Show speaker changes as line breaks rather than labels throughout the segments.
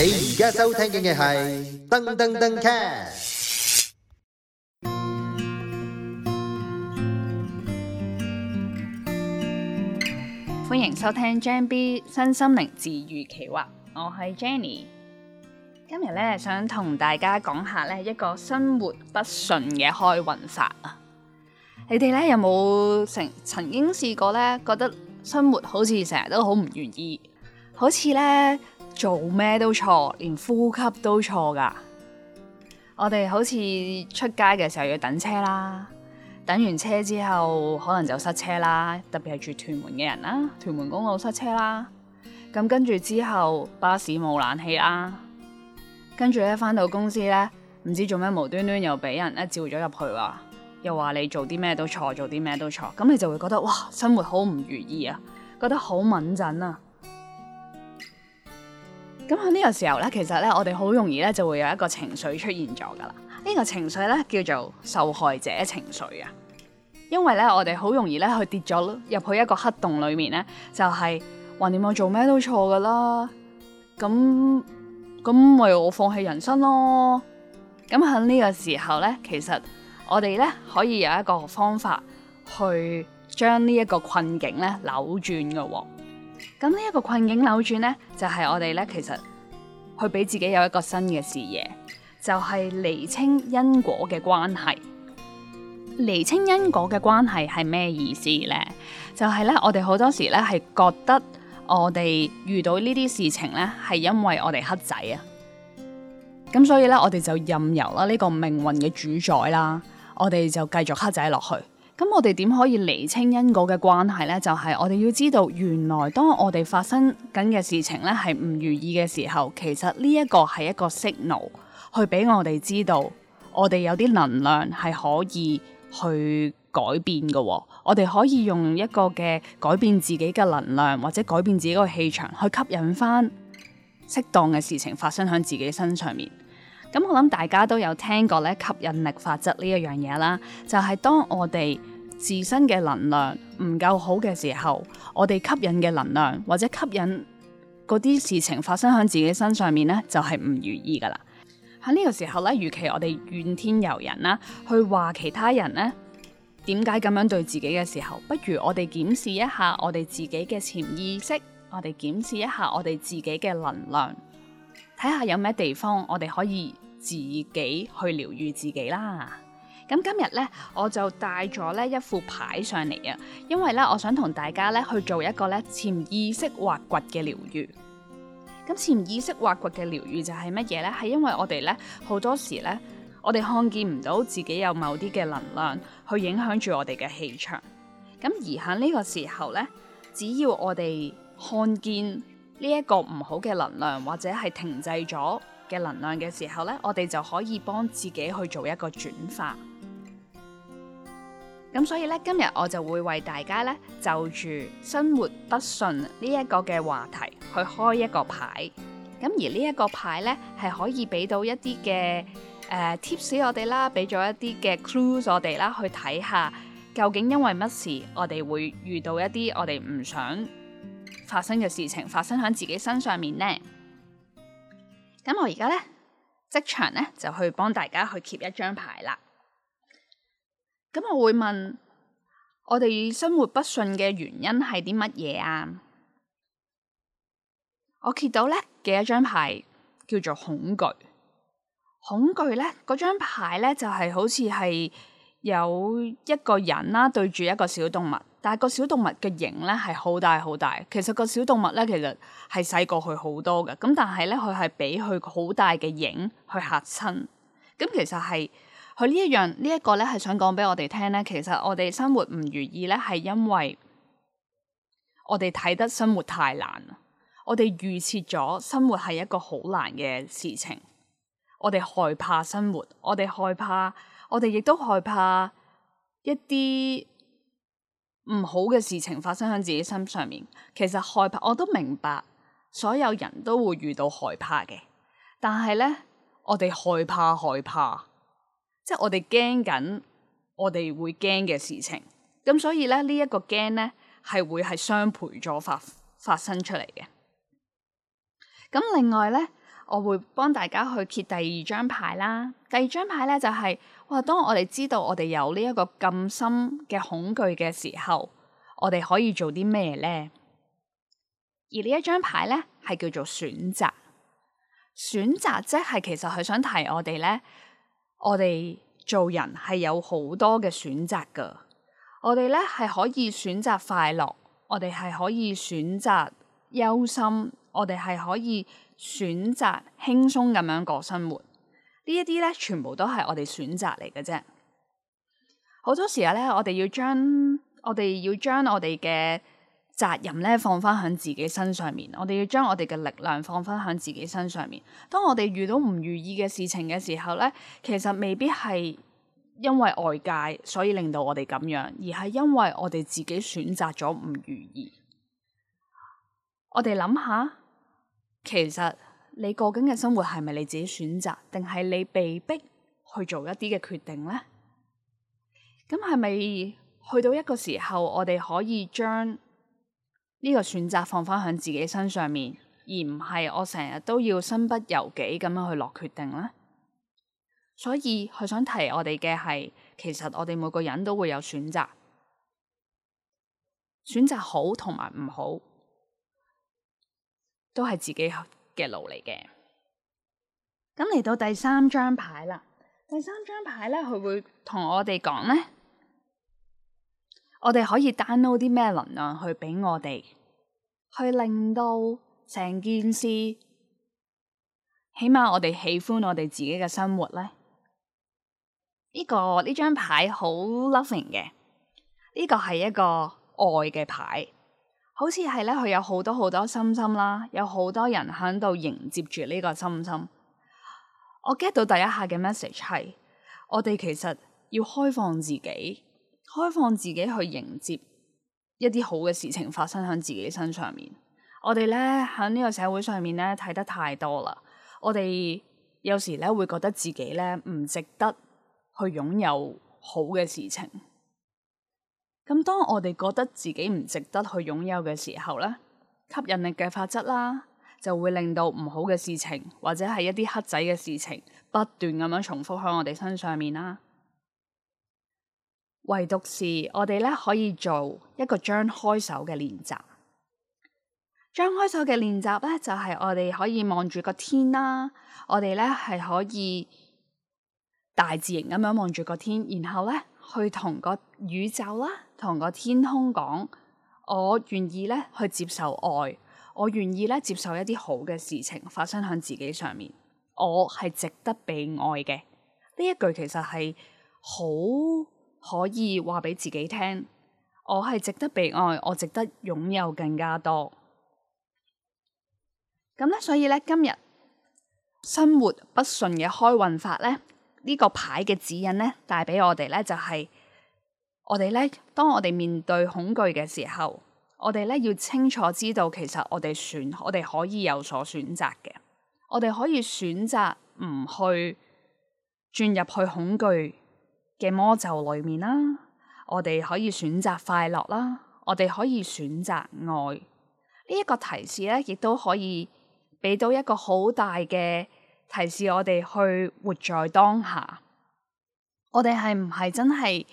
你而家收聽嘅係《噔噔噔 Cat》。歡迎收聽 Jenny《新心靈治癒奇話》，我係 Jenny。今日咧想同大家講下咧一個生活不順嘅開運法啊！你哋咧有冇曾曾經試過咧覺得生活好似成日都好唔願意，好似咧？做咩都錯，連呼吸都錯噶。我哋好似出街嘅時候要等車啦，等完車之後可能就塞車啦，特別係住屯門嘅人啦，屯門公路塞車啦。咁跟住之後巴士冇冷氣啦，跟住咧翻到公司咧，唔知做咩無端端又俾人咧召咗入去喎，又話你做啲咩都錯，做啲咩都錯，咁你就會覺得哇，生活好唔如意啊，覺得好敏感啊。咁喺呢個時候咧，其實咧我哋好容易咧就會有一個情緒出現咗噶啦。呢個情緒咧叫做受害者情緒啊。因為咧我哋好容易咧去跌咗入去一個黑洞裏面咧，就係話我做咩都錯噶啦。咁咁為我放棄人生咯。咁喺呢個時候咧，其實我哋咧可以有一個方法去將呢一個困境咧扭轉噶喎。咁呢一個困境扭轉呢，就係我哋呢，其實去俾自己有一個新嘅視野，就係釐清因果嘅關係。釐清因果嘅關係係咩意思呢？就係呢，我哋好多時呢，係覺得我哋遇到呢啲事情呢，係因為我哋黑仔啊。咁所以呢，我哋就任由啦呢個命運嘅主宰啦，我哋就繼續黑仔落去。咁我哋點可以厘清因果嘅關係呢？就係、是、我哋要知道，原來當我哋發生緊嘅事情咧係唔如意嘅時候，其實呢一個係一個 signal，去俾我哋知道，我哋有啲能量係可以去改變嘅，哦。我哋可以用一個嘅改變自己嘅能量，或者改變自己個氣場，去吸引翻適當嘅事情發生喺自己身上面。咁、嗯、我諗大家都有聽過咧，吸引力法則呢一樣嘢啦，就係、是、當我哋自身嘅能量唔夠好嘅時候，我哋吸引嘅能量或者吸引嗰啲事情發生喺自己身上面咧，就係、是、唔如意噶啦。喺呢個時候咧，與其我哋怨天尤人啦，去話其他人咧點解咁樣對自己嘅時候，不如我哋檢視一下我哋自己嘅潛意識，我哋檢視一下我哋自己嘅能量。睇下有咩地方，我哋可以自己去療愈自己啦。咁今日呢，我就帶咗呢一副牌上嚟啊，因為呢，我想同大家呢去做一個呢潛意識挖掘嘅療愈。咁潛意識挖掘嘅療愈就係乜嘢呢？係因為我哋呢好多時呢，我哋看見唔到自己有某啲嘅能量去影響住我哋嘅氣場。咁而喺呢個時候呢，只要我哋看見呢一個唔好嘅能量，或者係停滯咗嘅能量嘅時候呢，我哋就可以幫自己去做一個轉化。咁所以呢，今日我就會為大家呢就住生活不順呢一個嘅話題去開一個牌。咁而呢一個牌呢，係可以俾到一啲嘅誒 tips 我哋啦，俾咗一啲嘅 clues 我哋啦去睇下究竟因為乜事，我哋會遇到一啲我哋唔想。發生嘅事情發生喺自己身上面呢。咁我而家呢，即場呢，就去幫大家去揭一張牌啦。咁我會問我哋生活不順嘅原因係啲乜嘢啊？我揭到呢嘅一張牌叫做恐懼，恐懼呢，嗰張牌呢，就係、是、好似係。有一個人啦，對住一個小動物，但係個小動物嘅影咧係好大好大。其實個小動物咧，其實係細過佢好多嘅。咁但係咧，佢係俾佢好大嘅影去嚇親。咁、嗯、其實係佢呢一樣、這個、呢一個咧，係想講俾我哋聽咧。其實我哋生活唔如意咧，係因為我哋睇得生活太難。我哋預設咗生活係一個好難嘅事情，我哋害怕生活，我哋害怕。我哋亦都害怕一啲唔好嘅事情發生喺自己身上面。其實害怕，我都明白，所有人都會遇到害怕嘅。但係咧，我哋害怕害怕，即係我哋驚緊，我哋會驚嘅事情。咁所以咧，這個、呢一個驚咧係會係雙倍咗發發生出嚟嘅。咁另外咧。我會幫大家去揭第二張牌啦。第二張牌咧就係、是、哇，當我哋知道我哋有呢一個咁深嘅恐懼嘅時候，我哋可以做啲咩咧？而張呢一張牌咧係叫做選擇，選擇即係其實係想提我哋咧，我哋做人係有好多嘅選擇㗎。我哋咧係可以選擇快樂，我哋係可以選擇憂心，我哋係可以。選擇輕鬆咁樣過生活，呢一啲咧全部都係我哋選擇嚟嘅啫。好多時候咧，我哋要，要將我哋要將我哋嘅責任咧放翻喺自己身上面，我哋要將我哋嘅力量放翻喺自己身上面。當我哋遇到唔如意嘅事情嘅時候咧，其實未必係因為外界所以令到我哋咁樣，而係因為我哋自己選擇咗唔如意。我哋諗下。其實你過緊嘅生活係咪你自己選擇，定係你被逼去做一啲嘅決定呢？咁係咪去到一個時候，我哋可以將呢個選擇放翻響自己身上面，而唔係我成日都要身不由己咁樣去落決定呢？所以佢想提我哋嘅係，其實我哋每個人都會有選擇，選擇好同埋唔好。都係自己嘅路嚟嘅。咁嚟到第三張牌啦，第三張牌咧，佢會同我哋講咧，我哋可以 download 啲咩能量去俾我哋，去令到成件事，起碼我哋喜歡我哋自己嘅生活咧。呢、這個呢張牌好 loving 嘅，呢、這個係一個愛嘅牌。好似係咧，佢有好多好多心心啦，有好多人喺度迎接住呢個心心。我 get 到第一下嘅 message 係，我哋其實要開放自己，開放自己去迎接一啲好嘅事情發生喺自己身上面。我哋咧喺呢個社會上面咧睇得太多啦，我哋有時咧會覺得自己咧唔值得去擁有好嘅事情。咁當我哋覺得自己唔值得去擁有嘅時候呢，吸引力嘅法則啦，就會令到唔好嘅事情或者係一啲黑仔嘅事情不斷咁樣重複喺我哋身上面啦。唯獨是我哋呢，可以做一個張開手嘅練習，張開手嘅練習呢，就係、是、我哋可以望住個天啦，啊，我哋呢，係可以大字形咁樣望住個天，然後呢。去同個宇宙啦，同個天空講，我願意咧去接受愛，我願意咧接受一啲好嘅事情發生喺自己上面，我係值得被愛嘅。呢一句其實係好可以話俾自己聽，我係值得被愛，我值得擁有更加多。咁咧，所以咧，今日生活不順嘅開運法咧。呢個牌嘅指引咧，帶俾我哋咧就係、是、我哋咧，當我哋面對恐懼嘅時候，我哋咧要清楚知道，其實我哋選，我哋可以有所選擇嘅。我哋可以選擇唔去轉入去恐懼嘅魔咒裡面啦。我哋可以選擇快樂啦，我哋可以選擇愛。呢、這、一個提示咧，亦都可以俾到一個好大嘅。提示我哋去活在當下，我哋係唔係真係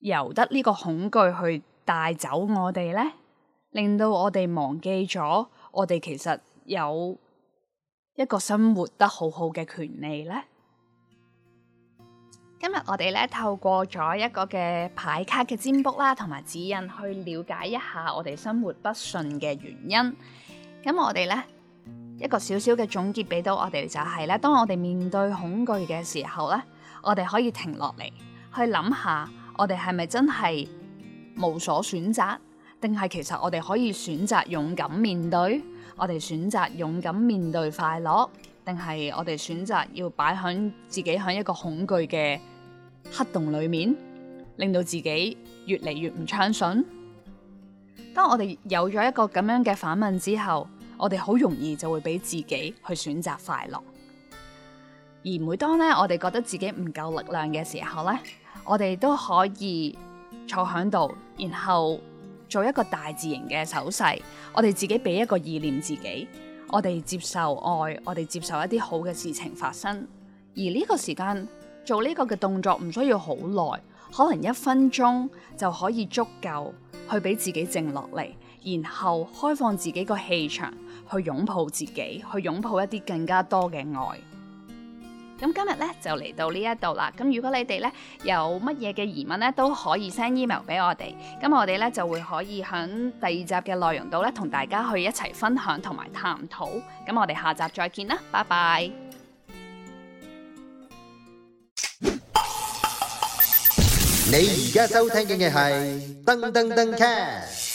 由得呢個恐懼去帶走我哋咧？令到我哋忘記咗我哋其實有一個生活得好好嘅權利咧。今日我哋咧透過咗一個嘅牌卡嘅占卜啦，同埋指引去了解一下我哋生活不順嘅原因。咁我哋咧。一個小小嘅總結俾到我哋就係咧，當我哋面對恐懼嘅時候咧，我哋可以停落嚟去諗下，我哋係咪真係無所選擇，定係其實我哋可以選擇勇敢面對，我哋選擇勇敢面對快樂，定係我哋選擇要擺響自己喺一個恐懼嘅黑洞裏面，令到自己越嚟越唔暢順。當我哋有咗一個咁樣嘅反問之後，我哋好容易就會俾自己去選擇快樂，而每當咧我哋覺得自己唔夠力量嘅時候咧，我哋都可以坐喺度，然後做一個大字型嘅手勢，我哋自己俾一個意念自己，我哋接受愛，我哋接受一啲好嘅事情發生。而呢個時間做呢個嘅動作唔需要好耐，可能一分鐘就可以足夠去俾自己靜落嚟，然後開放自己個氣場。去擁抱自己，去擁抱一啲更加多嘅愛。咁今日咧就嚟到呢一度啦。咁如果你哋咧有乜嘢嘅疑問咧，都可以 send email 俾我哋。咁我哋咧就會可以喺第二集嘅內容度咧同大家去一齊分享同埋探討。咁我哋下集再見啦，拜拜。你而家收聽嘅係登登登 c a